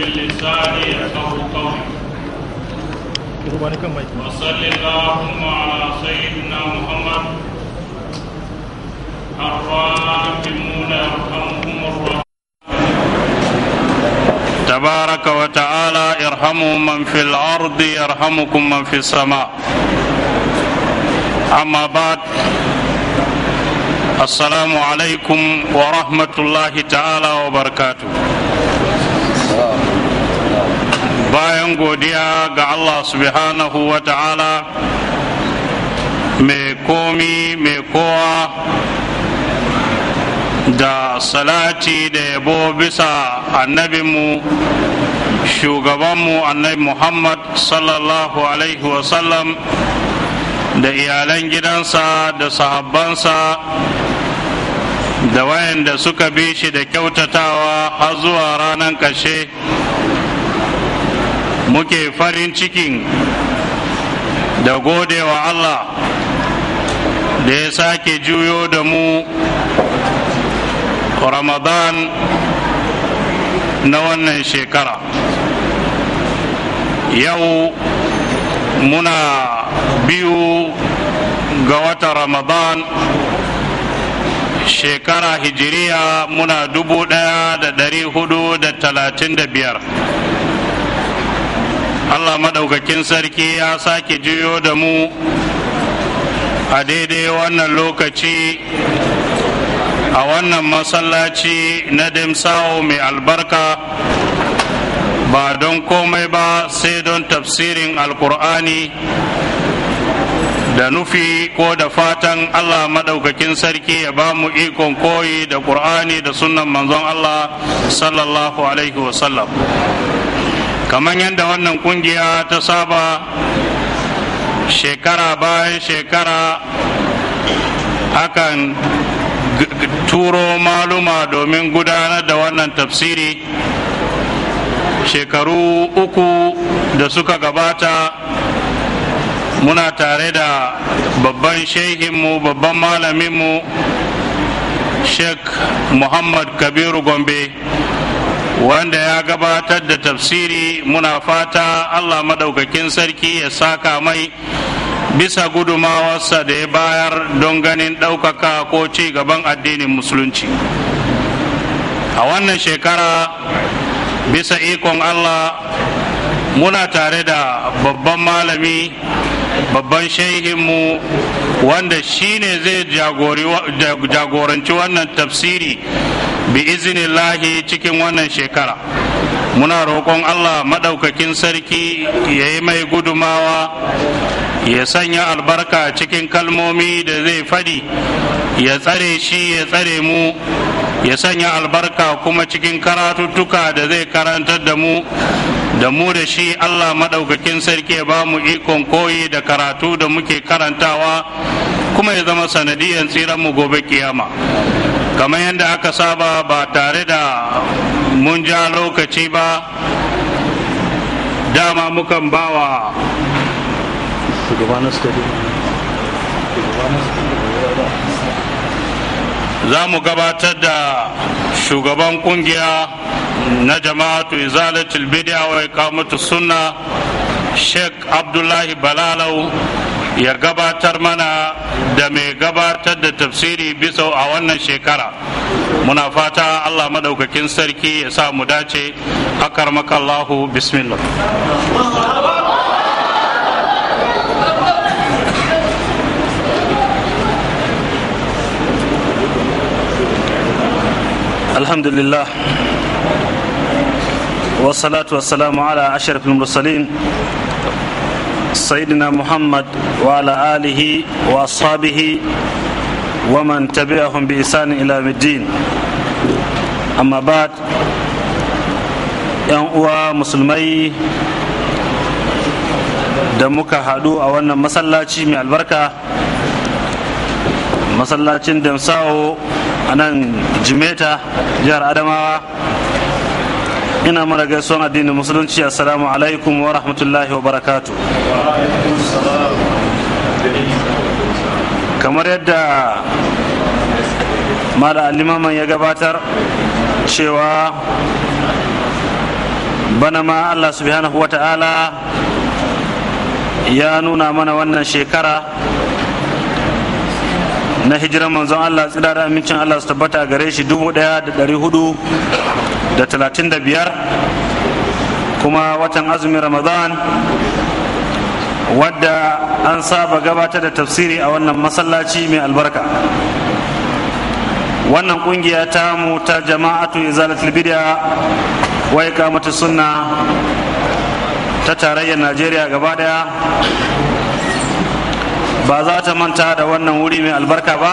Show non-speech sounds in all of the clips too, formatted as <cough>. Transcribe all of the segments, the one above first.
باللسان يفقه قولي وصل اللهم على سيدنا محمد الراحمون يرحمهم الراحمون تبارك وتعالى ارحموا من في الارض يرحمكم من في السماء اما بعد السلام عليكم ورحمه الله تعالى وبركاته bayan godiya ga Allah subhanahu wa ta'ala mai komi mai kowa da salati da yabo bisa annabinmu shugabanmu annabi muhammad sallallahu alaihi wasallam da iyalan gidansa da sahabbansa da wayanda suka bi shi da kyautatawa har zuwa ranar ƙarshe muke farin cikin da gode wa Allah da ya sake juyo da mu Ramadan na wannan shekara yau muna biyu ga wata Ramadan shekara hijiriya muna dubu ɗaya da dari hudu da talatin da biyar allah maɗaukakin sarki ya sake juyo da mu a daidai wannan lokaci a wannan masallaci na dimsawo mai albarka ba don komai ba sai don tafsirin alkur'ani da nufi ko da fatan Allah maɗaukakin sarki ya ba mu ikon koyi da ƙur'ani da sunan manzon Allah sallallahu alaihi wasallam. kamar yadda wannan kungiya ta saba shekara bayan shekara akan turo maluma domin gudanar da wannan tafsiri shekaru uku da suka gabata muna tare da babban shehinmu babban malaminmu sheikh muhammad kabiru gombe wanda ya gabatar da tafsiri muna fata allah maɗaukakin sarki ya saka mai bisa gudumawarsa da ya bayar don ganin ɗaukaka ko ci gaban addinin musulunci a wannan shekara bisa ikon allah muna tare da babban malami babban shehinmu wanda shine zai jagoranci wannan tafsiri bi izinillahi cikin wannan shekara muna roƙon allah maɗaukakin sarki ya yi mai gudumawa ya sanya albarka cikin kalmomi da zai faɗi ya tsare shi ya tsare mu ya sanya albarka kuma cikin karatuttuka da zai karantar da mu da mu da shi allah maɗaukakin sarki ya ba mu ikon koyi da karatu da muke karantawa kuma ya zama sanadiyar tsiranmu gobe kiyama kamar yadda aka saba ba tare da mun ja lokaci ba dama mukan bawa za mu gabatar da shugaban kungiya na jama'atu izalatul bid'a wa iqamatu sunna sheikh abdullahi balalau ya gabatar mana da mai gabatar da tafsiri bisa a wannan shekara muna fata allah maɗaukakin sarki ya sa mu dace akar makallahu bismillah alhamdulillah wasalatu salamu ala ashirafin mursalin سيدنا محمد وعلى آله وأصحابه ومن تبعهم بإحسان إلى الدين أما بعد ‘yan uwa musulmai da muka haɗu a wannan masallaci mai albarka masallacin damsawo a nan jimeta jihar adamawa ina mana gaisuwan addinin musulunci assalamu alaikum wa rahmatullahi wa barakatu kamar yadda mala alimaman ya gabatar cewa bana ma allah subhanahu wa ta'ala ya nuna mana wannan shekara na hijiran manzon allah tsira da amincin allah su tabbata gare shi dubu daya da dari hudu da talatin da biyar kuma watan azumin ramadan wadda an saba gabatar da tafsiri a wannan masallaci mai albarka wannan kungiya ta mu ta jama'atu izalatul bid'a wa iqamatu sunna ta tarayyar najeriya gaba daya ba za ta manta da wannan wuri mai albarka ba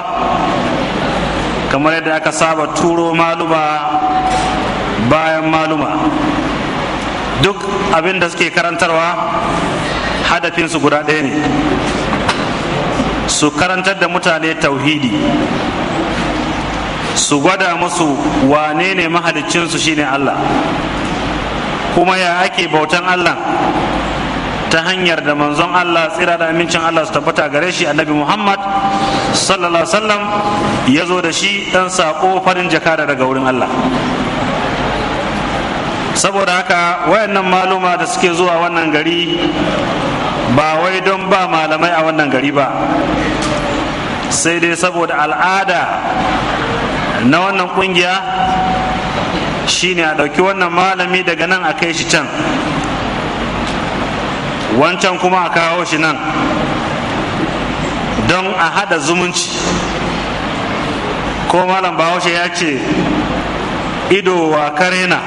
kamar yadda aka saba turo maluba bayan maluma duk abin da suke karantarwa hadafinsu guda ɗaya ne su karantar da mutane tauhidi su gwada musu wane ne mahalicinsu shine Allah kuma ya ake bautan Allah ta hanyar da manzon Allah tsira da amincin Allah su tabbata gare shi annabi Muhammad sallallahu alaihi wasallam ya zo da shi dan saƙo farin jakada daga wurin Allah saboda haka wayannan maluma da suke zuwa wannan gari ba wai don ba malamai a wannan gari ba sai dai saboda al'ada na wannan kungiya shine a ɗauki wannan malami daga nan a kai shi can wancan kuma a kawo shi nan don a hada zumunci ko malam bahaushe ya ce ido wa karena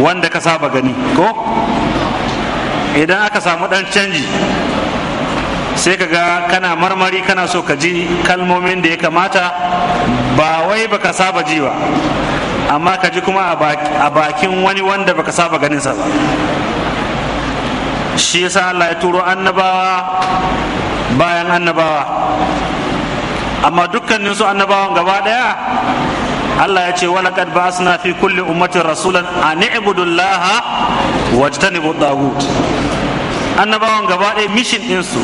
wanda ka saba gani ko idan aka samu dan canji sai ka ga kana marmari kana so ka ji kalmomin da ya kamata ba wai baka saba ji ba amma ka ji kuma a bakin wani wanda baka saba ganinsa ba shi yasa Allah ya turo annabawa bayan annabawa amma dukkaninsu annabawan gaba daya Allah ya ce ƙadba suna fi kulli ummatin rasulan an i'budullaha wajtanibu tagut annabawan gaba ɗaya mission ɗinsu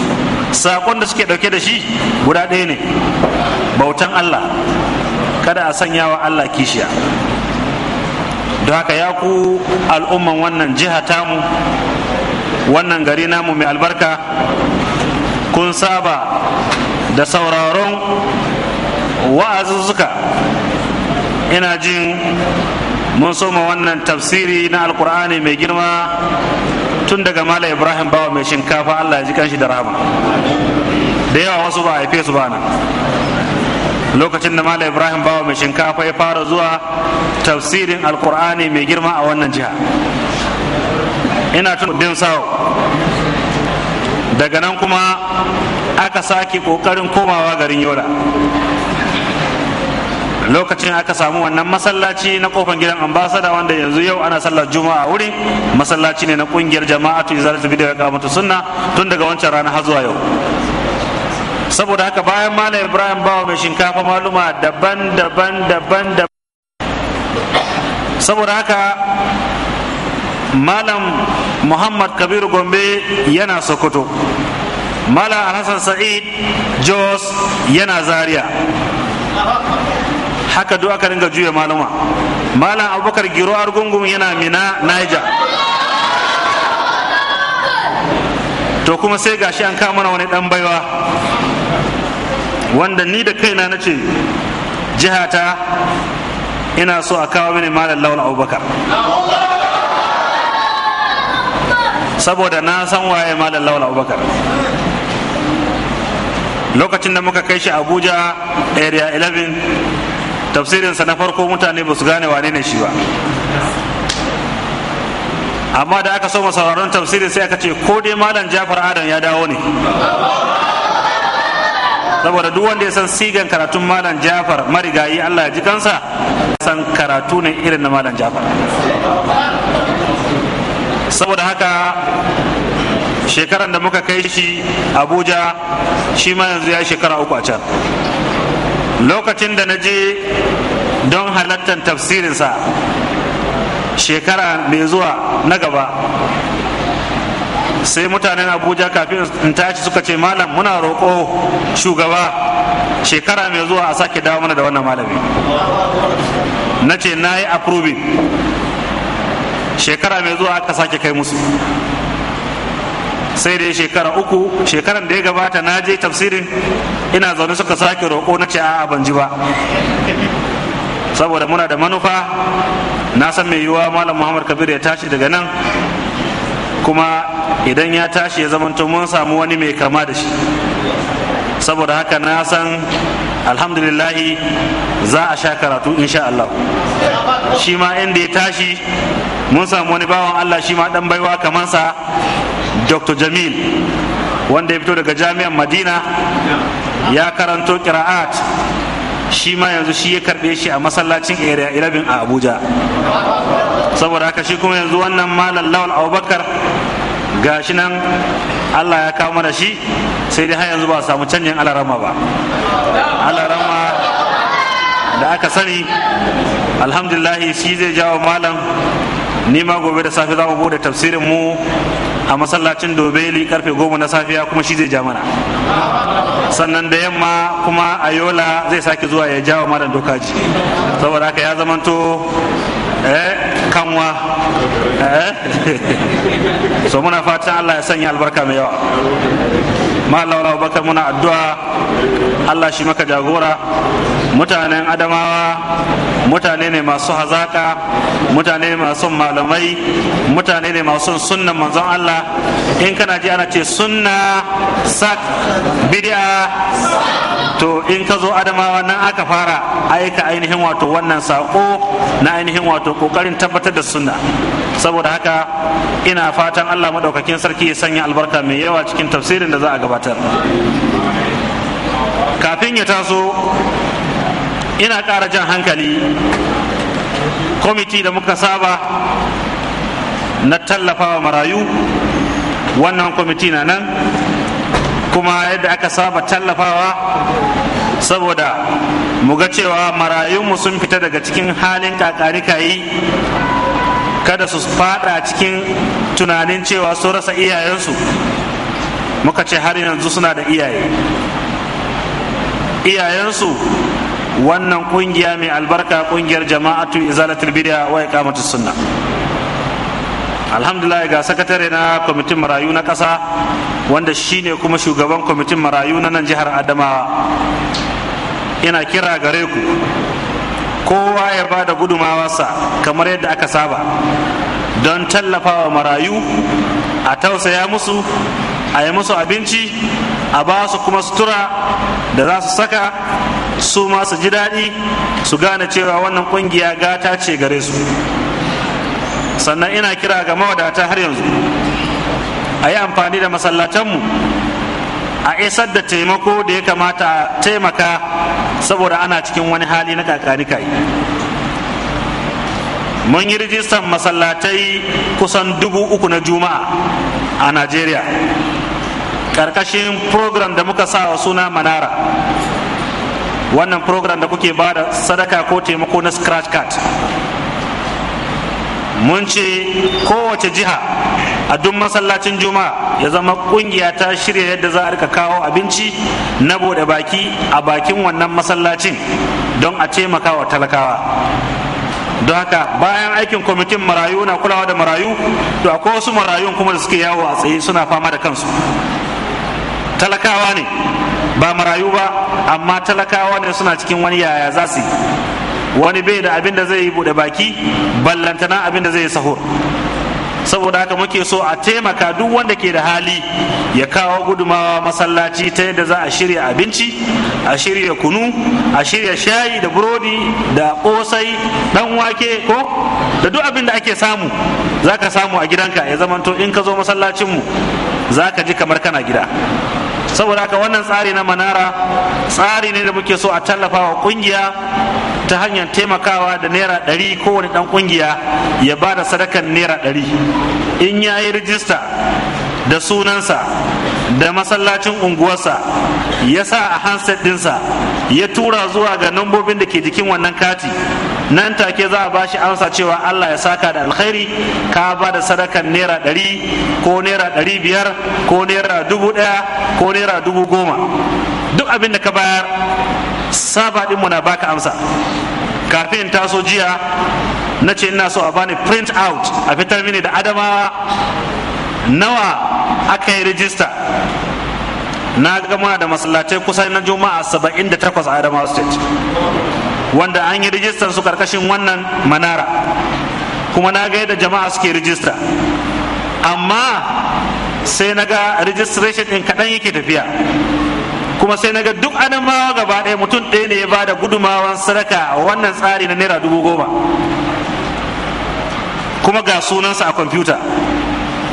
saƙon da suke ɗauke da shi guda ɗaya ne bautan Allah kada a sanya wa Allah kishiya don haka ya ku al'umman wannan jiha tamu wannan gari namu mai albarka kun saba da sauraron wa'azuzzuka ina jin mun soma wannan tafsiri na alkur'ani mai girma tun daga mala ibrahim bawa mai shinkafa allah ya ji kanshi da rama da yawa wasu ba a haife su ba lokacin da mala ibrahim bawa mai shinkafa ya fara zuwa tafsirin alkur'ani mai girma a wannan jiha ina tun din sawo daga nan kuma aka sake kokarin komawa garin yola lokacin aka samu wannan masallaci na kofan gidan ambasada wanda yanzu yau ana sallar juma'a wurin masallaci ne na kungiyar jama'atu izalatu bid'a wa kamatu sunna tun daga wancan rana har zuwa yau saboda haka bayan malam ibrahim bawa mai shinkafa maluma daban daban daban saboda haka malam muhammad kabiru gombe yana sokoto malam alhassan sa'id jos yana zaria haka duk aka ringa juya malama. malam abubakar giro argungun yana mina Naija. to kuma sai gashi an kama wani dan baiwa wanda ni da kaina na ce jihata ina so a kawo mini malam laula abubakar saboda na san waye malam laula abubakar lokacin da muka kai shi abuja area 11 tafsirinsa na farko mutane ba su gane wane ne shi ba amma da aka soma sauraron tafsiri sai aka ce ko dai malam jafar adam ya dawo ne saboda duk wanda ya san sigan karatun malam jafar marigayi allah ya ji kansa san karatu ne irin na malam jafar saboda haka shekaran da muka kai shi abuja shi ma yanzu ya shekara uku a can lokacin da na je don halattar tafsirinsa shekara mai zuwa na gaba sai mutanen abuja kafin in tashi suka ce malam muna roƙo shugaba shekara mai zuwa a sake dawo mana da wannan malami na ce na yi approving shekara mai zuwa aka sake kai musu sai dai shekara uku shekaran da ya gabata na je tafsirin ina zaune suka sake roƙo na ce a ban ji ba saboda muna da manufa na san mai yiwuwa malam muhammad kabir ya tashi daga nan kuma idan ya tashi ya zamanto mun samu wani mai kama da shi saboda haka na san alhamdulillahi za a sha karatu insha Allah shi ma inda ya tashi mun samu wani bawan Allah shi ma dan baiwa kamansa dr jamil wanda ya fito daga jami'an madina ya karanto kira'at shi ma yanzu shi ya karbe shi a masallacin area 11 a abuja saboda haka shi kuma yanzu wannan malam lawal abubakar gashi nan allah ya kawo mana shi sai dai har yanzu ba samu canjin alarama ba alarama da aka sani alhamdulillahi shi zai jawo malam nima gobe da safe za mu bude tafsirin mu a masallacin dobeli karfe goma na safiya kuma shi zai ja mana sannan da yamma kuma a yola zai sake zuwa ya jawa malam dokaji saboda haka ya zamanto eh, kanwa eh. <laughs> so muna fatan allah ya sanya albarka mai yawa malam abubakar muna addu'a allah shi maka jagora mutanen adamawa mutane ne masu hazaka mutane ne masu malamai mutane ne masu sunnan manzon allah in kana ji ana ce sunna sak bid'a to in ka zo adamawa nan aka fara aika ainihin wato wannan sako na ainihin wato kokarin tabbatar da sunna saboda haka ina fatan allah maɗaukakin sarki ya sanya albarka mai yawa cikin tafsirin da za a gabata. kafin ya taso ina ƙara jan hankali kwamiti da muka saba na tallafawa marayu wannan kwamiti na nan kuma yadda aka saba tallafawa saboda mu ga cewa marayunmu sun fita daga cikin halin kakarikayi kada su faɗa cikin tunanin cewa su rasa iyayensu muka ce har yanzu suna da iyaye iyayensu wannan kungiya mai albarka kungiyar jama'atu izalatul bid'a wa iqamatus sunna alhamdulillah ga sakatare na kwamitin marayu na kasa wanda shine kuma shugaban kwamitin marayu na nan jihar adamawa ina kira gare ku kowa ya ba da gudumawarsa kamar yadda aka saba don tallafa wa marayu a tausaya musu a yi musu abinci a ba su kuma sutura da za su saka su ma su ji daɗi su gane cewa wannan ƙungiya gata ce gare su sannan ina kira ga mawadata har yanzu a yi amfani da masallatanmu a isar da taimako da ya kamata taimaka saboda ana cikin wani hali na kakanikai mun yi rijistan masallatai kusan dubu uku na juma'a a najeriya karkashin program da muka sa suna manara wannan program da kuke ba da sadaka ko taimako na scratch card mun ce kowace jiha a duk masallacin juma'a ya zama kungiya ta shirya yadda za a rika kawo abinci na bude baki a bakin wannan masallacin don a taimaka wa talakawa don haka bayan aikin kwamitin marayu na kulawa da marayu to akwai wasu marayun kuma da suke yawo a tsaye suna fama da kansu talakawa ne ba marayu ba amma talakawa ne suna cikin wani yaya za su wani bai da abin da zai yi buɗe baki ballantana abin da zai yi sahur saboda haka muke so a taimaka duk wanda ke da hali ya kawo gudumawa masallaci ta yadda za a shirya abinci a shirya kunu a shirya shayi da burodi da kosai dan wake ko da duk abin da ake samu za ka samu a gidanka ya zamanto in ka zo masallacinmu za ka ji kamar kana gida saboda haka wannan tsari na manara tsari ne da muke so a tallafa wa kungiya ta hanyar taimakawa da naira ɗari kowane ɗan kungiya ya ba da sadakan naira ɗari in ya yi rijista da sunansa da masallacin unguwarsa ya sa a handset ɗinsa ya tura zuwa ga nambobin da ke jikin wannan kati nan take za a bashi amsa cewa Allah ya saka da alkhairi ka ba da sadakan naira ɗari ko naira ɗari biyar ko naira dubu ɗaya ko naira dubu goma duk abin da ka bayar saba ɗinmu na baka amsa kafin taso jiya na ce ina so a bani print out a fitar mini da adamawa nawa aka yi rijista na gama da masallatai kusan na juma'a 78 a adamawa state wanda an yi rijistar su karkashin wannan manara kuma na ga yadda jama'a suke rijista amma sai na ga registration ɗin kaɗan yake tafiya kuma sai na ga duk adamawa gaba ɗaya mutum ɗaya ne ya ba da gudumawan sadaka a wannan tsari na naira dubu goma kuma ga sunansa a kwamfuta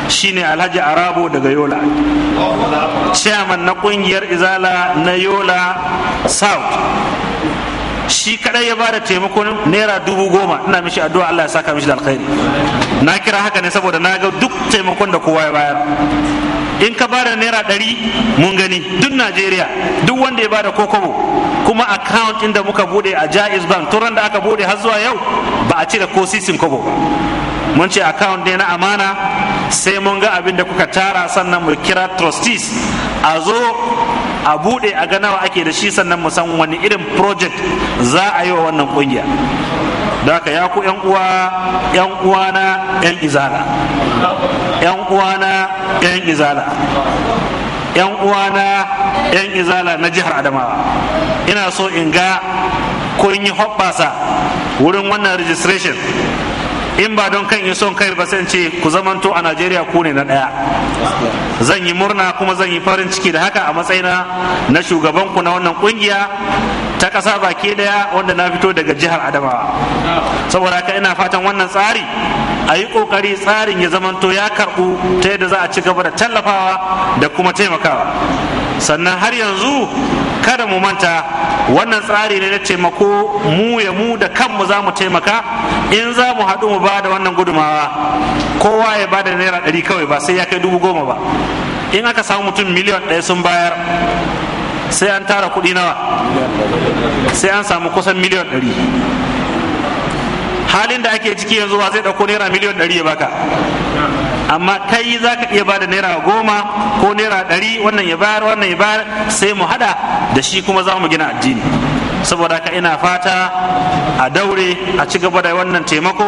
shine alhaji arabo daga yola chairman na ƙungiyar izala na yola south shi kadai ya bada taimako naira dubu goma ina mishi addu'a Allah ya saka mishi alkhairi na kira haka ne saboda na ga duk taimakon da kowa ya bayar in ka bada naira ɗari mun gani duk najeriya duk wanda ya bada kokobo kuma account da muka bude a jaiz bank turan da aka bude har zuwa yau ba a cire ko sisin kobo mun ce account ne na amana sai mun ga abin da kuka tara sannan mu kira trustees a zo a bude a ga nawa ake da shi sannan mu san wani irin project za a yi wa wannan kungiya. da haka ya ku yan uwa yan uwana yan izala yan uwana yan izala yan uwana yan izala na jihar adamawa ina so in ga kun yi hoɓɓasa wurin wannan registration in ba don kan yi son kai ba sai ce ku zamanto a najeriya ku ne na ɗaya zan yi murna kuma zan yi farin ciki da haka a matsayina na shugaban ku na wannan kungiya ta ƙasa baki ɗaya wanda na fito daga jihar adamawa saboda haka ina fatan wannan tsari a yi ƙoƙari tsarin ya zamanto ya karɓu ta yadda za a ci gaba da tallafawa da kuma taimakawa sannan har yanzu kada mu manta wannan tsari ne na taimako mu ya mu da kanmu za mu taimaka in za mu haɗu mu ba da wannan gudumawa kowa ya ba da naira ɗari kawai ba sai ya kai dubu goma ba in aka samu mutum miliyan ɗaya sun bayar sai an tara kuɗi nawa sai an samu kusan miliyan ɗari halin da ake ciki yanzu ba zai ɗauko naira miliyan ɗari ya baka amma kai za ka iya bada naira goma ko naira ɗari wannan ya bayar wannan ya bayar sai mu haɗa da shi kuma za mu gina addini saboda haka ina fata a daure a ci gaba da wannan taimako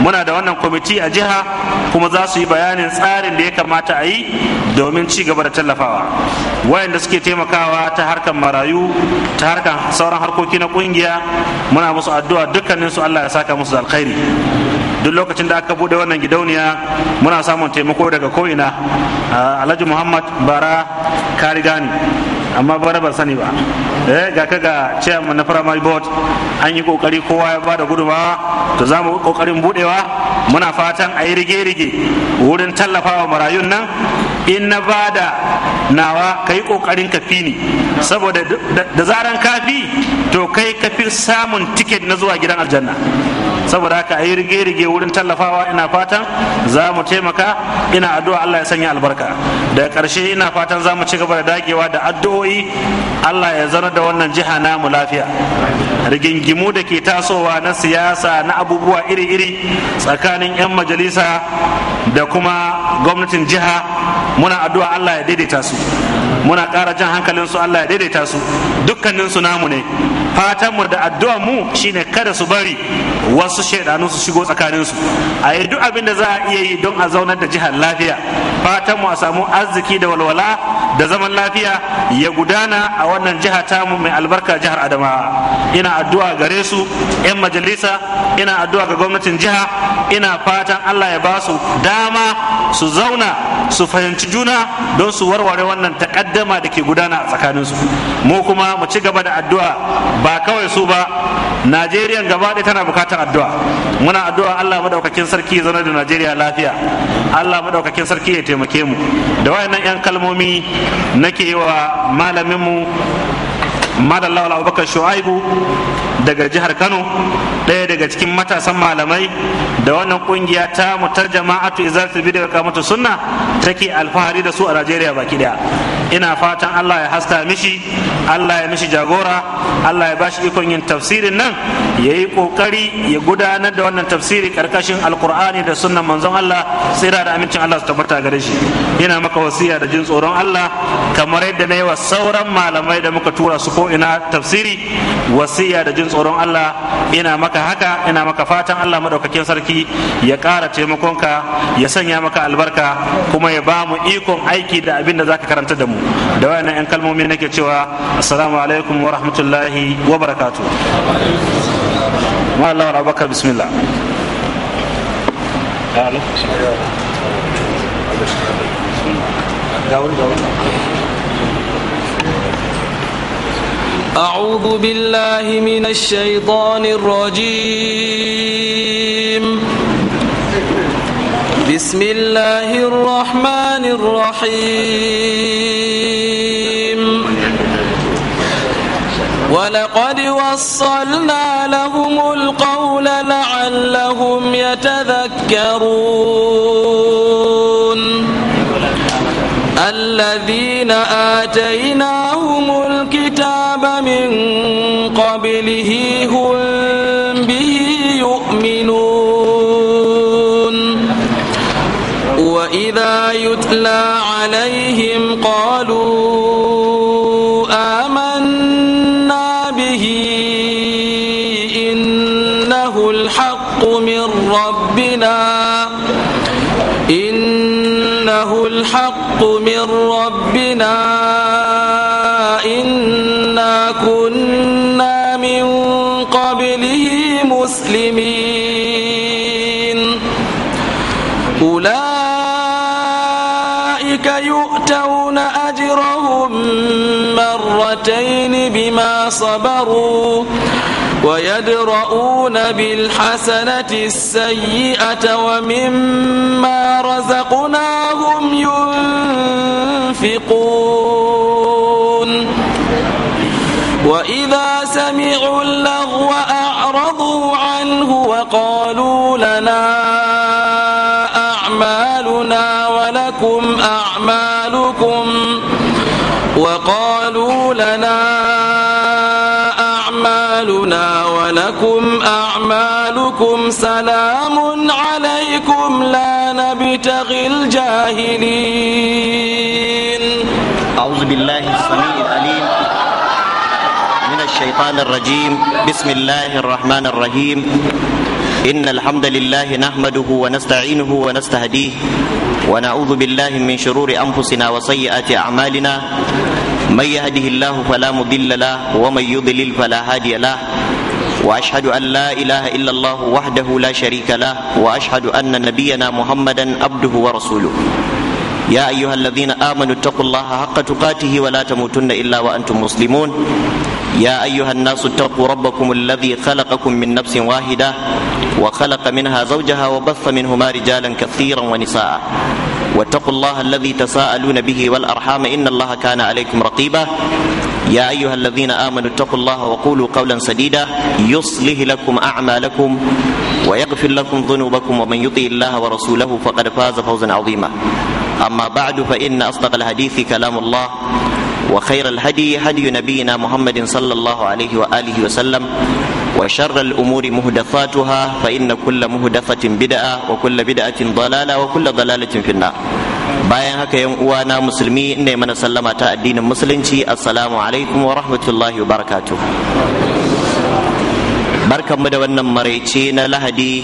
muna da wannan kwamiti a jiha kuma za su yi bayanin tsarin da ya kamata a yi domin ci gaba da tallafawa wayanda suke taimakawa ta harkar marayu ta harkar sauran harkoki na kungiya muna musu addu'a dukkaninsu allah ya saka musu alkhairi duk lokacin da aka bude wannan gidauniya muna samun taimako daga ko'ina alhaji muhammad bara karigani amma bara ban sani ba eh ga ka ga chairman na primary board an yi kokari kowa ya bada guduma to za mu kokarin budewa muna fatan a yi rige-rige wurin tallafawa marayun nan in na bada nawa ka yi kokarin ka fi ni saboda da zaran ka fi to kai ka fi samun tiket na zuwa gidan aljanna saboda haka a yi rige-rige wurin tallafawa ina fatan za mu taimaka ina addu'a Allah ya sanya albarka daga karshe ina fatan za mu ci gaba da dagewa da addu'o'i Allah ya zana da wannan jiha na mu lafiya rigingimu da ke tasowa na siyasa na abubuwa iri-iri tsakanin 'yan majalisa da kuma gwamnatin jiha muna addu'a Allah ya daidaita su muna ƙara jan hankalin su Allah ya daidaita su dukkanin su namu ne fatan mu da addu'a mu shine kada su bari wasu shaidanu su shigo tsakanin su a yi duk abin da za a iya yi don a zaunar da jihar lafiya fatan mu a samu arziki da walwala da zaman lafiya ya gudana a wannan jiha mu mai albarka jihar Adamawa ina addu'a gare su 'yan majalisa ina addu'a ga gwamnatin jiha ina fatan Allah ya ba su dama su zauna su fahimci juna don su warware wannan takaddama ta'addama da ke gudana a tsakaninsu mu kuma mu ci gaba da addu'a ba kawai su ba najeriya gaba ɗaya tana bukatar addu'a muna addu'a allah madaukakin sarki ya zauna da najeriya lafiya allah madaukakin sarki ya taimake mu da wayannan 'yan kalmomi nake yi wa malaminmu madallahu abubakar shu'aibu daga jihar kano ɗaya daga cikin matasan malamai da wannan kungiya ta mutar jama'atu izartu daga kamata sunna take alfahari da su a najeriya baki daya ina fatan allah ya haska mishi allah ya mishi jagora allah ya bashi ikon yin tafsirin nan ya yi kokari ya gudanar da wannan tafsiri karkashin alkur'ani da sunnan manzon allah tsira da amincin allah su tabbata gare shi ina maka wasiya da jin tsoron allah kamar yadda na yi wa sauran malamai da muka tura su ko ina tafsiri wasiya da jin tsoron Allah ina maka haka ina maka fatan Allah madaukakin sarki ya ƙara taimakonka ya sanya maka albarka kuma ya ba mu ikon aiki da abin da zaka karanta da mu da wayannan yan kalmomi nake cewa assalamu alaikum wa rahmatullahi wa barakatuh ma Allah rabbaka bismillah ga أعوذ بالله من الشيطان الرجيم بسم الله الرحمن الرحيم ولقد وصلنا لهم القول لعلهم يتذكرون الذين آتيناهم ومن قبله هم به يؤمنون وإذا يتلى عليهم قالوا آمنا به إنه الحق من ربنا إنه الحق من ربنا السيئتين بما صبروا ويدرؤون بالحسنة السيئة ومما قولكم سلام عليكم لا نبتغي الجاهلين أعوذ بالله السميع العليم من الشيطان الرجيم بسم الله الرحمن الرحيم إن الحمد لله نحمده ونستعينه ونستهديه ونعوذ بالله من شرور أنفسنا وسيئات أعمالنا من يهده الله فلا مضل له ومن يضلل فلا هادي له واشهد ان لا اله الا الله وحده لا شريك له واشهد ان نبينا محمدا عبده ورسوله يا ايها الذين امنوا اتقوا الله حق تقاته ولا تموتن الا وانتم مسلمون يا ايها الناس اتقوا ربكم الذي خلقكم من نفس واحده وخلق منها زوجها وبث منهما رجالا كثيرا ونساء واتقوا الله الذي تساءلون به والارحام ان الله كان عليكم رقيبا يا ايها الذين امنوا اتقوا الله وقولوا قولا سديدا يصلح لكم اعمالكم ويغفر لكم ذنوبكم ومن يطيع الله ورسوله فقد فاز فوزا عظيما اما بعد فان اصدق الحديث كلام الله وخير الهدي هدي نبينا محمد صلى الله عليه وآله وسلم وشر الأمور مهدفاتها فإن كل مهدفة بدعة وكل بدعة ضلالة وكل ضلالة في النار bayan haka yan uwana musulmi ne mana sallama ta addinin musulunci assalamu alaikum wa rahmatullahi wa barakatuh barkanmu da wannan maraice na lahadi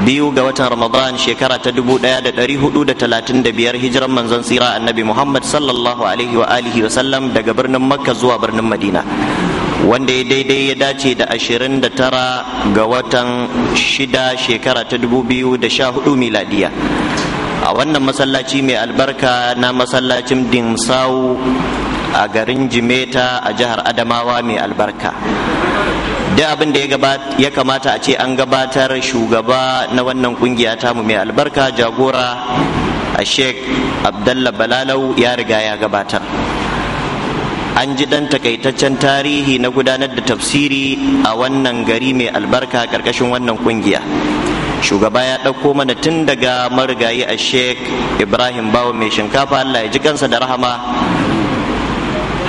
biyu ga watan ramadan shekara ta dubu da da da hudu talatin biyar hijiran manzon tsira annabi muhammad sallallahu alaihi wa alihi wa sallam daga birnin makka zuwa birnin madina wanda ya daidai ya dace da ashirin da tara ga watan shida shekara ta dubu biyu da sha hudu miladiya a wannan masallaci mai albarka na masallacin dimsau a garin jimeta a jihar adamawa mai albarka duk abin da ya kamata a ce an gabatar shugaba na wannan kungiya mu mai albarka jagora a sheik abdalla balalau ya riga ya gabatar an ji dan takaitaccen tarihi na gudanar da tafsiri a wannan gari mai albarka ƙarƙashin wannan kungiya shugaba ya ɗauko mana tun daga marigayi a sheik ibrahim bawa mai shinkafa allah ya ji kansa da rahama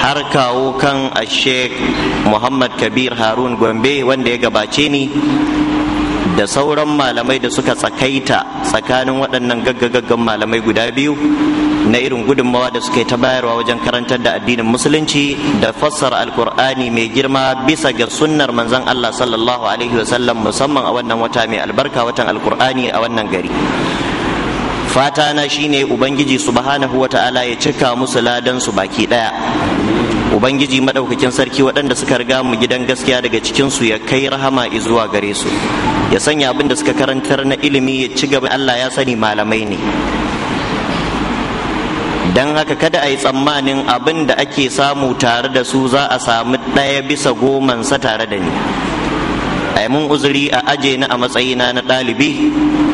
har kawo kan ashek muhammad kabir harun gombe wanda ya gabace ni da sauran malamai da suka tsakaita tsakanin waɗannan gaggagaggan malamai guda biyu na irin gudunmawa da suka yi ta bayarwa wajen karantar da addinin musulunci da fassara alkur'ani mai girma bisa ga sunnar manzon Allah sallallahu alaihi wasallam musamman a wannan wata mai albarka watan alkur'ani a wannan gari fata na shine ubangiji subhanahu wata'ala ya cika musu ladan su baki daya ubangiji madaukakin sarki waɗanda suka riga mu gidan gaskiya daga su ya kai rahama zuwa gare su ya sanya abin da suka karantar na ilimi ya ci gaba allah ya sani malamai ne don haka kada a yi tsammanin abin da ake samu tare da su za a samu ɗaya bisa gomansa tare da ni a mun uzuri a aje ni a matsayina na ɗalibi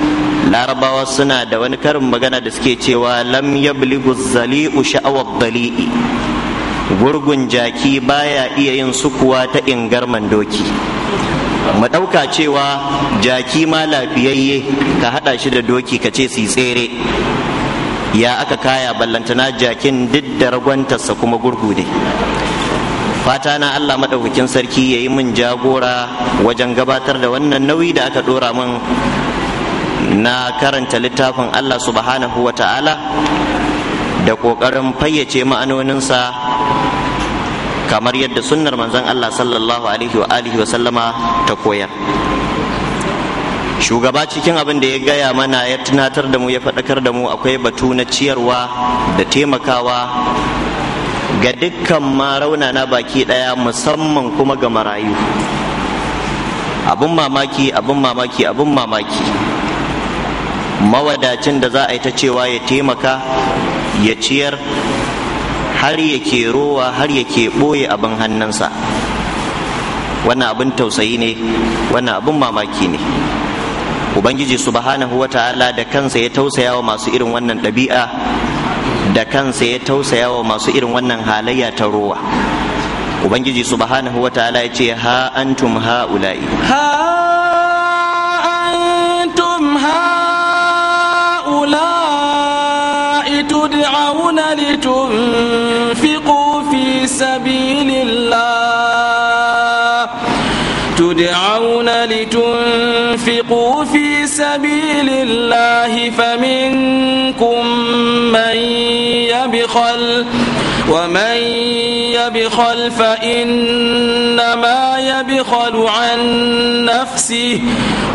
larabawa suna da wani karin magana da suke cewa lam yabligu zali'u sha'awar dali'i gurgun jaki baya iya yin sukuwa ta ingarman doki mu ɗauka cewa jaki ma lafiyayye ka haɗa shi da doki ka ce su tsere ya aka kaya ballantana jakin duk da ragwantarsa kuma gurgu ne fata na allah maɗaukakin sarki ya yi min jagora wajen gabatar da wannan nauyi da aka ɗora mun. na karanta littafin Allah subhanahu wa ta'ala da ƙoƙarin fayyace ma'anoninsa kamar yadda sunnar manzon Allah sallallahu alaihi wa alihi wa sallama ta koyar shugaba cikin abin da ya gaya mana ya tunatar da mu ya faɗakar da mu akwai batu na ciyarwa da taimakawa ga dukkan ma na baki ɗaya musamman kuma ga marayu abin mamaki abin mamaki abin mamaki mawadacin da za a yi ta cewa ya taimaka ya ciyar har ya ke rowa har ya ke ɓoye abin hannunsa wannan abin tausayi ne wannan abin mamaki ne ubangiji subhanahu ta'ala da kansa ya tausaya wa masu irin wannan ɗabi'a da kansa ya tausaya wa masu irin wannan halayya ta rowa ubangiji subhanahu ta'ala ya ce ha antum ha'ula'i ha تدعون لتنفقوا في سبيل الله تدعون لتنفقوا في سبيل الله فمنكم من يبخل ومن يبخل فإنما يبخل عن نفسه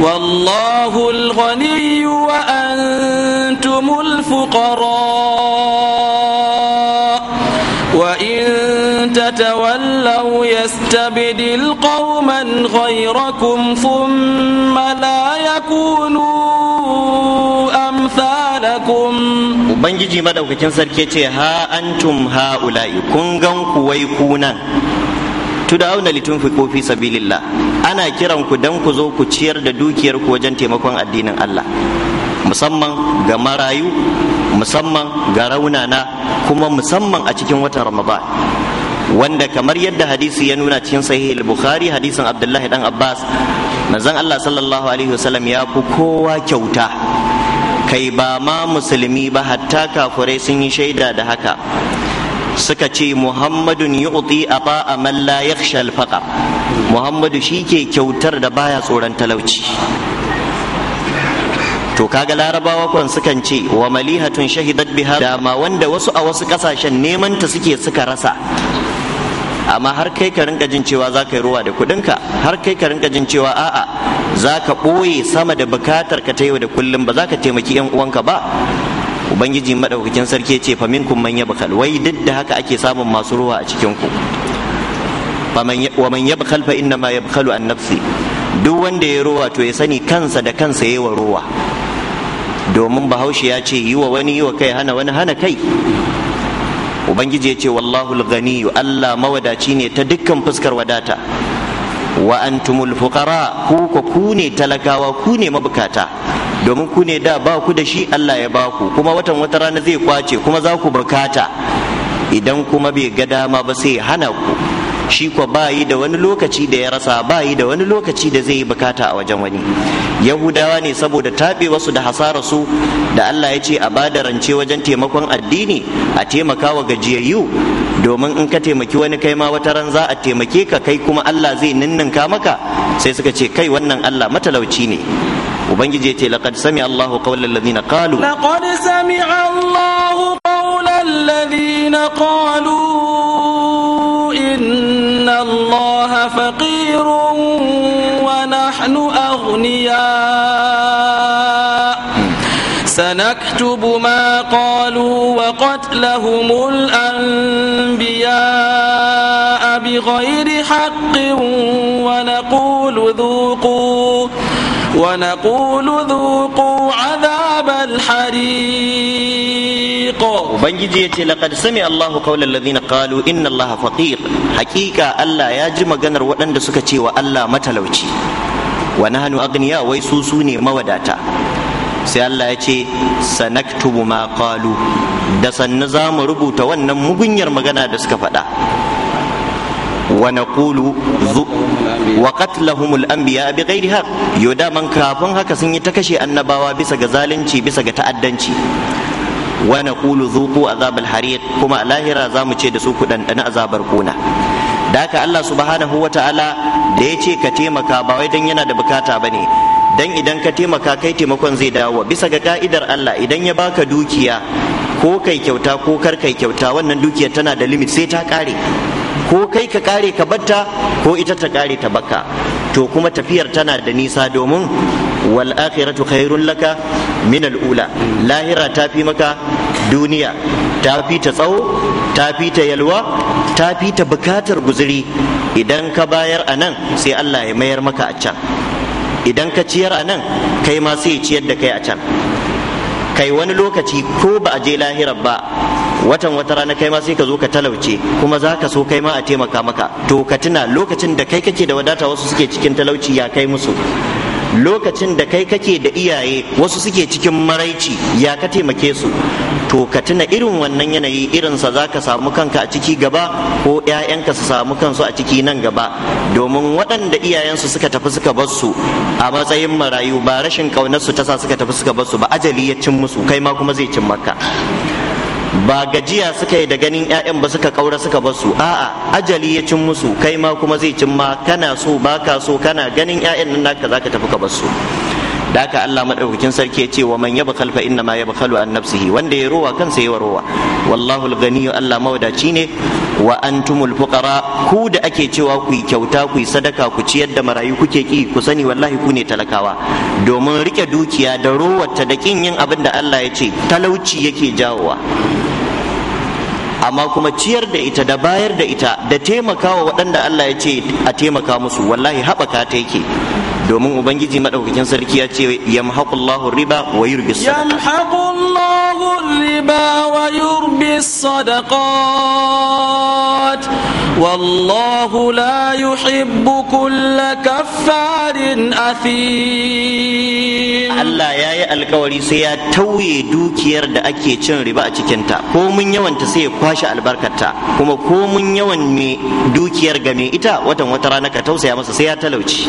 والله الغني وأنتم الفقراء وإن تتولوا يستبدل قوما غيركم ثم ubangiji madaukakin sarki ce ha antum ula'i kun gan ku wai ku nan tuda'una litun fi kofi sabilillah ana kiran ku dan ku zo ku ciyar da dukiyar ku wajen taimakon addinin Allah musamman ga marayu musamman ga raunana kuma musamman a cikin watan Ramadan wanda kamar yadda hadisi ya nuna cikin sahih al-bukhari hadisin abdullahi dan abbas manzon allah sallallahu alaihi wasallam ya fi kowa kyauta kai ba ma musulmi ba hatta kafurai sun yi shaida da haka suka ce muhammadun a aba man malla ya shalfaka muhammadu shi ke kyautar da baya tsoron talauci to kaga larabawa kwan sukan ce wa malihatun shahidat biha dama wanda wasu a wasu kasashen nemanta ta suke suka rasa amma har kai ka rinka jin cewa za ka yi ruwa da kuɗinka har kai ka rinka jin cewa a'a za ka ɓoye sama da bukatar ka ta yau da kullum ba za ka taimaki yan uwanka ba ubangiji maɗaukakin sarki ce fa minkum man bakal wai duk da haka ake samun masu ruwa a cikin ku wa man bakal fa inna ma yabkhalu an nafsi duk wanda ya ruwa to ya sani kansa da kansa yayi wa ruwa domin bahaushe ya ce yi wa wani yi wa kai hana wani hana kai ubangiji ya ce wallahu ganiyu Allah mawadaci ne ta dukkan fuskar wadata wa antumul fuqara ku ko ku ne talakawa ku ne mabukata domin ku ne da ba ku da shi Allah ya ba ku kuma watan wata rana zai kwace kuma za ku bukata idan kuma bai ga dama ba sai hana ku shi kwa bayi da wani lokaci da ya rasa bayi da wani lokaci da zai yi bukata a wajen wani yahudawa ne saboda taɓe wasu da hasara su da allah ya ce a bada rance wajen taimakon addini a taimaka wa gajiyayyu domin in ka taimaki wani kai ma wata ran za a taimake ka kai kuma allah zai ninninka maka sai suka ce kai wannan allah matalauci ne ubangiji ya ce laqad sami allahu qawla alladhina qalu laqad sami allahu qawla alladhina qalu inna أن الله فقير ونحن أغنياء سنكتب ما قالوا وقتلهم الأنبياء بغير حق ونقول ذوقوا ونقول ذوقوا عذاب الحريق وبنجي لقد سمع الله قول الذين قالوا إن الله فقير hakika Allah ya ji maganar waɗanda suka ce wa Allah matalauci wa hannu agniya wai su su ne mawadata sai Allah ya ce sanaktubu ma qalu da sannu za mu rubuta wannan mugunyar magana da suka faɗa wa naqulu wa qatlahum anbiya bi ghairi haqq Yau da man kafin haka sun yi ta kashe annabawa bisa ga zalunci bisa ga ta'addanci wa kulu dhuqu azab al-hariq kuma a lahira za mu ce da su ku dandana azabar kuna da haka Allah subhanahu Ta'ala da ya ce ka taimaka ba wai dan yana da bukata ba ne. dan idan ka taimaka kai taimakon zai dawo bisa ga ka'idar Allah idan ya baka dukiya ko kai kyauta ko kar kai kyauta wannan dukiyar tana da limit sai ta kare ko kai ka kare ka batta ko ita ta kare ta baka to kuma tafiyar tana da nisa domin wal akhiratu khairun laka min al ula lahira ta fi maka duniya ta fi ta tsawo ta fi ta yalwa ta fi ta bukatar guzuri idan ka bayar a sai Allah ya mayar maka a can idan ka ciyar anan, nan kai ma sai ciyar da kai a can kai wani lokaci ko ba a je lahirar ba watan wata rana kai ma sai ka zo ka talauce kuma za ka so kai ma a taimaka maka to ka tuna lokacin da kai kake da wadata wasu suke cikin talauci ya kai musu lokacin da kai kake da iyaye wasu suke cikin maraici ya ka taimake su to ka tuna irin wannan yanayi irinsa za ka samu kanka a ciki gaba ko 'ya'yanka su samu kansu a ciki nan gaba domin waɗanda iyayensu suka tafi suka bar su a matsayin marayu ba rashin ƙaunarsu ta sa suka tafi suka bar su ba ajali ya cin musu kai ma kuma zai cin maka ba gajiya suka yi da ganin 'ya'yan ba suka kaura suka basu a'a ajali ya cin musu kai ma kuma zai cin ma kana so baka so kana ganin 'ya'yan nan naka zaka tafi ka basu da haka Allah madaukakin sarki ya ce wa man yabkhal fa inna ma yabkhalu an nafsihi wanda ya ruwa kansa ya ruwa wallahu al Allah mawadaci ne wa antumul fuqara ku da ake cewa ku kyauta ku sadaka ku ciyar da marayu kuke ki ku sani wallahi ku ne talakawa domin rike dukiya da rowarta da kin yin abin da Allah ya ce talauci yake jawowa amma kuma ciyar da ita da bayar da ita da taimakawa waɗanda Allah ya ce a taimaka musu wallahi haɓaka ta yake domin ubangiji madaukakin sarki ya ce yamhaqullahu riba wa yurbis yamhaqullahu riba wa yurbis sadaqat wallahu la yuhibbu kulla kaffarin athim Allah ya yi alkawari sai ya tauye dukiyar da ake cin riba a cikinta ko mun yawanta sai ya kwashe albarkarta kuma ko mun yawan me dukiyar game ita watan wata rana ka tausaya masa sai ya talauci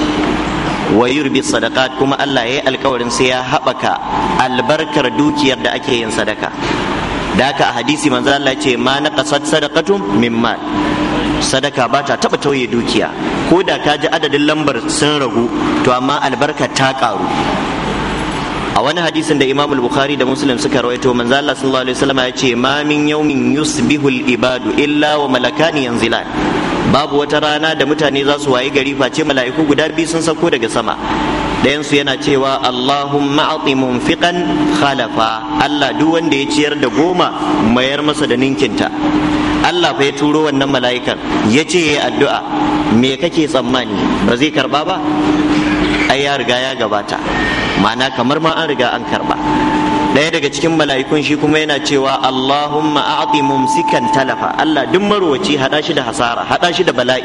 wa yurbi sadaqat kuma Allah ya yi alkawarin sai ya haɓaka albarkar dukiyar da ake yin sadaka da haka a hadisi manzo Allah ce ma naqasat sadaqatum min mal sadaka ba ta taɓa tauye dukiya ko da ka ji adadin lambar sun ragu to amma albarka ta ƙaru a wani hadisin da imam bukhari da muslim suka rawaito manzo Allah sallallahu alaihi wasallam ya ce ma min yawmin yusbihu ibadu illa wa malakani yanzilan babu wata rana da mutane za su wayi gari face mala'iku guda biyu sun sauko daga sama ɗayansu yana cewa Allahumma a'ti munfiqan khalafa Allah duk wanda ya ciyar da goma mayar masa da ninkinta Allah fa ya turo wannan mala'ikan ya ce ya addu'a me kake tsammani ba zai karba ba ai ya riga ya gabata ma'ana kamar ma an riga an karba ɗaya daga cikin mala'ikun shi kuma yana cewa Allahumma a'ti mumsikan talafa Allah duk marwaci hada shi da hasara hada shi da bala'i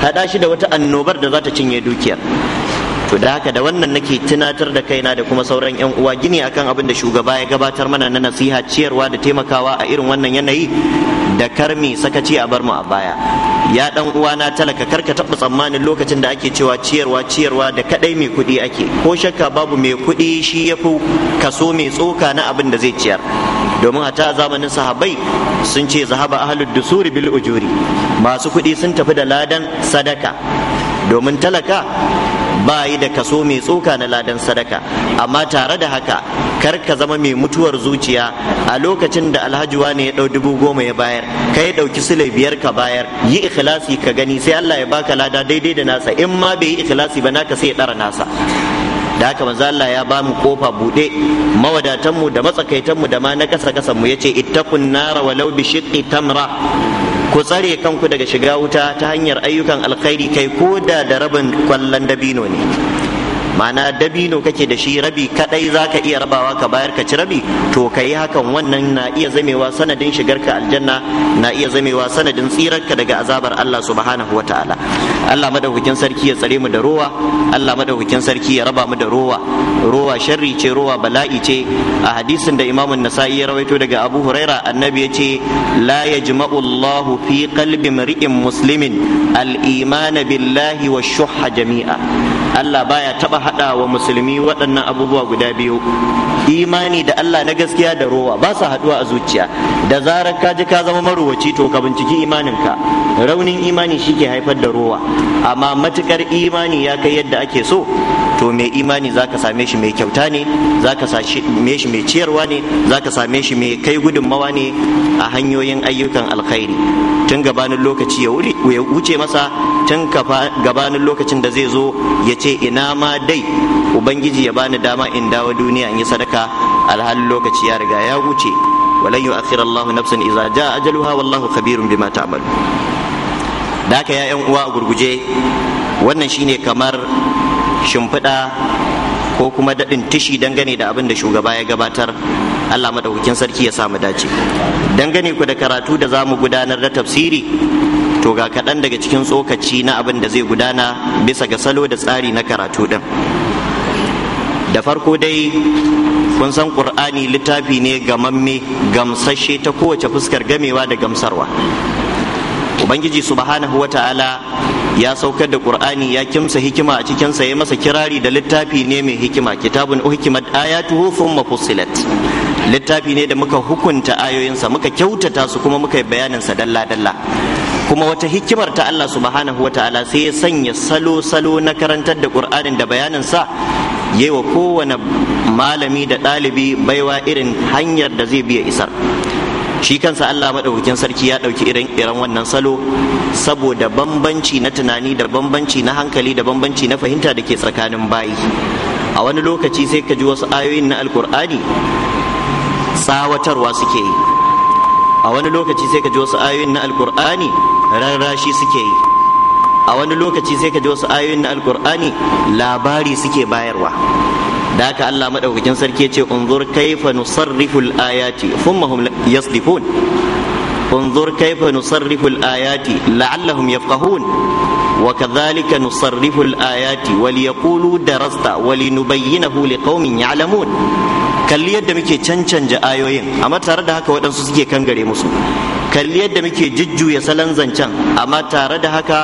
hada shi da wata annobar da za ta cinye dukiyar to da haka da wannan nake tunatar da kaina da kuma sauran yan uwa gini akan abin da shugaba ya gabatar mana na nasiha ciyarwa da taimakawa a irin wannan yanayi da karmi sakaci a bar mu a baya ya dan na talaka karka taɓa tsammanin lokacin da ake cewa ciyarwa ciyarwa da kadai mai kuɗi ake ko shakka babu mai kuɗi shi ya fi kaso mai tsoka na abin da zai ciyar domin hata zamanin sahabbai sun ce zahaba ahlud dusuri bil ujuri masu kuɗi sun tafi da ladan sadaka domin talaka ba yi da kaso mai tsoka na ladan sadaka amma tare da haka kar ka zama mai mutuwar zuciya a lokacin da alhajiwa ne ya ɗau dubu goma ya bayar ka ya ɗauki sule biyar ka bayar yi ikhlasi ka gani sai Allah ya baka lada daidai da nasa in ma bai yi ikhlasi ba naka sai ya ɗara nasa da haka manzo Allah ya ba mu kofa buɗe mawadatanmu da matsakaitan mu da ma na kasa kasan mu ya yace ittaqun nara walau bi shiqqi tamra ku tsare kanku daga shiga wuta ta hanyar ayyukan alkhairi kai ko da da rabin kwallon dabino ne ma'ana dabino kake da shi rabi kadai ka iya rabawa ka bayar ka ci rabi to ka yi hakan wannan na iya zamewa sanadin shigarka aljanna na iya zamewa sanadin tsirarka daga azabar Allah subhanahu wa ta'ala Allah madaukakin sarki ya tsare mu da rowa Allah madaukakin sarki ya raba mu da rowa rowa sharri ce rowa bala'i ce a hadisin da Imam Nasa'i ya rawaito daga Abu Huraira annabi ya ce la yajma'u Allah fi qalbi mar'in muslimin al-iman billahi wa shuhha jami'a Allah baya taba hada wa musulmi waɗannan abubuwa guda biyu imani da Allah na gaskiya da rowa ba su haduwa a zuciya da zarar ka ji ka zama maruwaci to ka binciki imaninka raunin imani shike haifar da rowa amma matukar imani ya kai yadda ake so to mai imani za ka same shi mai kyauta ne Za ka same shi mai ciyarwa ne Za ka same shi mai kai gudunmawa ne a hanyoyin ayyukan alkhairi tun gabanin lokaci ya wuce masa tun gabanin lokacin da zai zo ya ce ina ma dai ubangiji ya bani dama in dawo duniya in yi sadaka alhalin lokaci ya riga ya wuce walan yu'akhir Allah nafsan idza jaa ajaluha wallahu khabirun bima ta'malu da ya yan uwa a gurguje wannan shine kamar shimfiɗa ko kuma daɗin tishi dangane da abin da shugaba ya gabatar Allah maɗaukakin sarki ya samu dace dangane ku da karatu da za mu gudanar da tafsiri to ga kaɗan daga cikin tsokaci na abin da zai gudana bisa ga salo da tsari na karatu ɗin da farko dai kun san ƙur'ani littafi ne gamamme gamsashe ta kowace fuskar gamewa da gamsarwa ubangiji subhanahu wa ta'ala ya saukar da qur'ani ya kimsa hikima a cikin sa ya masa kirari da littafi ne mai hikima kitabun uhkimat ayatuhu thumma fussilat littafi ne da muka hukunta ayoyinsa muka kyautata su kuma muka yi bayanin sa dalla dalla kuma wata hikimar ta Allah subhanahu wata'ala sai ya sanya salo-salo na karantar da qur'anin da bayanin sa yi wa kowane malami da ɗalibi baiwa irin hanyar da zai biya isar shi kansa Allah maɗaukakin sarki ya ɗauki irin irin wannan salo saboda bambanci na tunani da bambanci na hankali da bambanci na fahimta da ke tsakanin bayi a wani lokaci sai ka ji wasu ayoyin na alkur'ani tsawatarwa suke yi a wani lokaci sai ka ji wasu ayoyin na alkur'ani rarrashi suke yi a wani lokaci sai ka ji wasu ayoyin na alkur'ani labari suke bayarwa da haka Allah madaukakin sarki ce unzur kaifa nusarriful ayati thumma hum yasdifun unzur kaifa nusarriful ayati la'allahum yafqahun wa kadhalika nusarriful ayati waliyaqulu darasta walinubayyinahu liqaumin ya'lamun kalli yadda muke cancanja ayoyin amma tare da haka waɗansu suke kangare musu kalli yadda muke jujjuya salon zancen amma tare da haka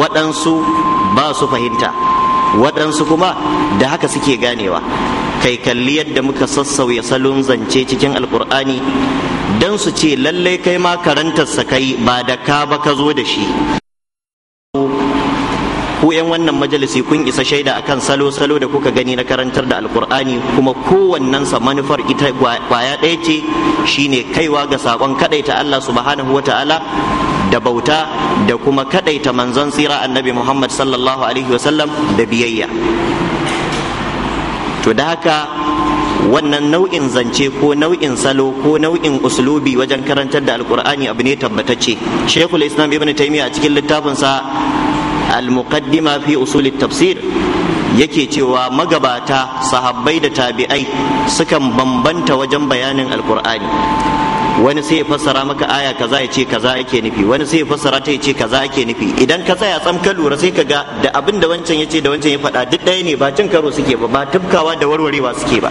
waɗansu ba su fahimta waɗansu kuma da haka suke ganewa kai kalli yadda muka sassauya salon zance cikin alkur'ani don su ce lallai kai ma karantar sa kai ba da ka ba ka zo da shi ku yan wannan majalisi kun isa shaida akan salo-salo da kuka gani na karantar da alkur'ani kuma kowannensa manufar ita kwaya ɗaya ce shine kaiwa ga saƙon kaɗaita Allah subhanahu wa ta'ala da bauta da kuma kaɗaita manzon tsira annabi Muhammad sallallahu alaihi wasallam da biyayya to da haka wannan nau'in zance ko nau'in salo ko nau'in uslubi wajen karantar da alkur'ani abu ne tabbatacce shekul islam ibn taymiya a cikin littafinsa al-muqaddima fi usul tafsir yake cewa magabata sahabbai da tabi'ai sukan bambanta wajen bayanin alkur'ani wani sai ya fassara maka aya kaza ya ce kaza ake nufi wani sai ya fassara ta ya ce kaza ake nufi idan ka tsaya tsam ka lura sai ka ga da abin da wancan ya ce da wancan ya faɗa duk ɗaya ne ba cin karo suke ba ba tufkawa da warwarewa suke ba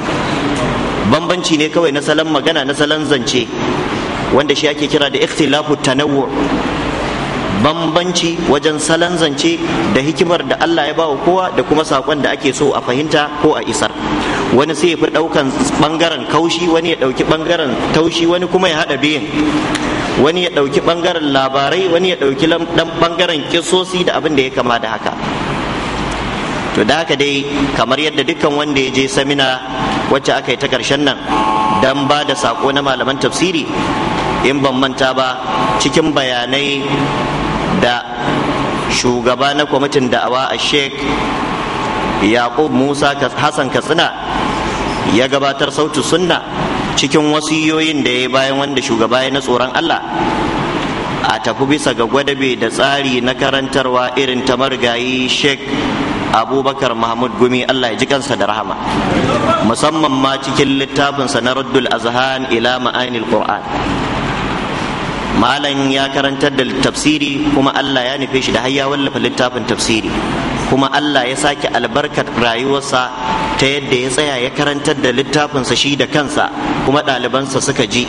bambanci ne kawai na salon magana na salon zance wanda shi ake kira da ikhtilafu tanawwu bambanci wajen salon zance da hikimar da Allah ya bawa kowa da kuma sakon da ake so a fahimta ko a isar wani sai ya fi ɗaukan ɓangaren kaushi wani ya ɗauki ɓangaren taushi wani kuma ya haɗa biyun wani ya ɗauki ɓangaren labarai wani ya ɗauki ɓangaren kisosi da abin da ya kama da haka to da haka dai kamar yadda dukkan wanda ya je samina wacce aka yi ta ƙarshen nan don ba da saƙo na malaman tafsiri in ban manta ba cikin bayanai da shugaba na kwamitin da'awa a sheik yaqub musa hassan katsina ya gabatar sautu sunna cikin wasu wasiyoyin da ya bayan wanda shugaba ya na tsoron allah a tafi bisa ga gwadabe da tsari na karantarwa irin ta marigayi sheik abubakar mahmud gumi allah ya ji kansa da rahama musamman ma cikin littafinsa na raddul azhan ila ma'anil qur'an malam ya karantar da tafsiri kuma Allah ya nufe shi da har ya wallafa littafin tafsiri kuma Allah ya sake albarkar rayuwarsa ta yadda ya tsaya ya karantar da littafinsa shi da kansa kuma ɗalibansa suka ji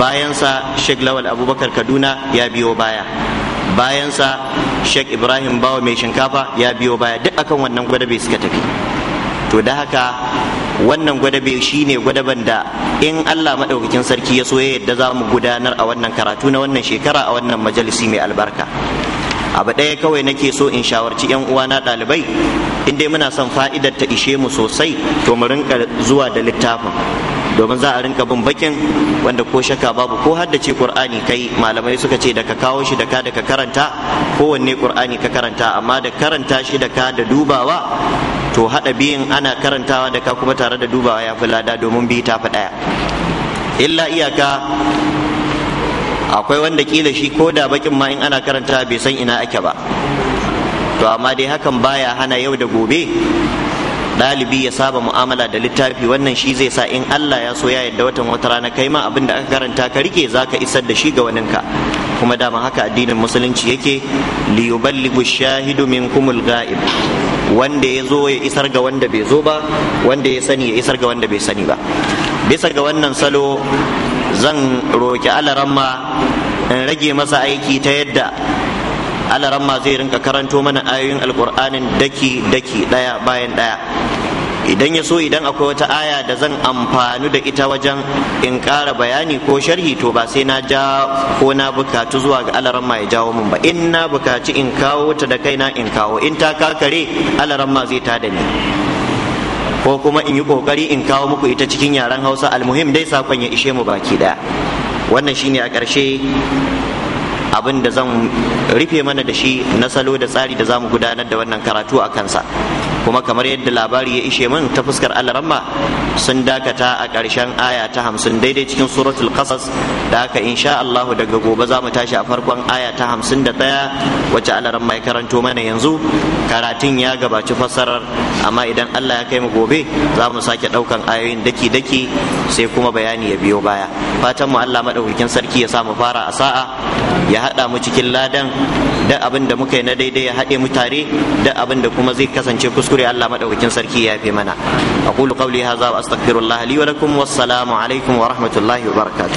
bayansa Sheikh Lawal Abubakar Kaduna ya biyo baya bayansa Sheikh Ibrahim Bawa mai shinkafa ya biyo baya duk akan wannan gwada bai suka tafi to da haka wannan gwadabe shine gwadaban da in Allah maɗaukakin sarki ya so ya yadda za mu gudanar a wannan karatu na wannan shekara a wannan majalisi mai albarka abu ɗaya kawai nake so in shawarci yan uwana ɗalibai in dai muna son fa'idar ta ishe mu sosai to mu rinka zuwa da littafin domin za a rinka bin bakin wanda ko shaka babu ko har da haddace qur'ani kai malamai suka ce daga kawo shi da ka karanta kowanne ƙur'ani ka karanta amma da karanta shi da da dubawa to haɗa biyun ana karantawa da ka kuma tare da dubawa ya fi lada domin biyu ta fi daya illa iyaka akwai wanda kila shi ko da bakin ma in ana karanta bai san ina ake ba to amma dai hakan baya hana yau da gobe ɗalibi ya saba mu'amala da littafi wannan shi zai sa in Allah ya so ya yadda watan wata rana kai ma abin da aka karanta ka rike ka isar da shi ga waninka kuma dama haka addinin musulunci yake li yuballighu shahidu minkumul ghaib wanda ya zo ya isar ga wanda bai zo ba wanda ya sani ya isar ga wanda bai sani ba bisa ga wannan salo zan roki alaramma in rage masa aiki ta yadda alaramma zai rinka karanto mana ayoyin alkur'anin daki daki daya bayan daya idan ya so idan akwai wata aya da zan amfanu da ita wajen in kara bayani ko sharhi to ba sai na ja ko na bukatu zuwa ga alaramma ya jawo min ba in na bukaci in kawo ta da kaina in kawo in ta kakare alaramma zai ta da ni ko kuma in yi kokari in kawo muku ita cikin yaren hausa almuhim dai sakon ya ishe mu baki daya wannan shine a ƙarshe abin da zan rufe mana da shi na salo da tsari da zamu gudanar da wannan karatu a kansa kuma kamar yadda labari ya ishe min ta fuskar alaramma sun dakata a ƙarshen aya ta hamsin daidai cikin suratul qasas da aka insha Allahu daga gobe za mu tashi a farkon aya ta hamsin da ɗaya wacce alaramma ya karanto mana yanzu karatun ya gabaci fassarar amma idan Allah ya kai mu gobe za mu sake ɗaukan ayoyin daki-daki sai kuma bayani ya biyo baya fatan mu Allah madaukakin sarki ya sa mu fara a sa'a ya haɗa mu cikin ladan da abin da muka yi na daidai ya haɗe mu tare da abin da kuma zai kasance kuskure kuskure Allah madaukakin sarki ya yafe mana aqulu qawli hadha wa astaghfirullah li wa lakum wassalamu alaikum wa rahmatullahi wa barakatuh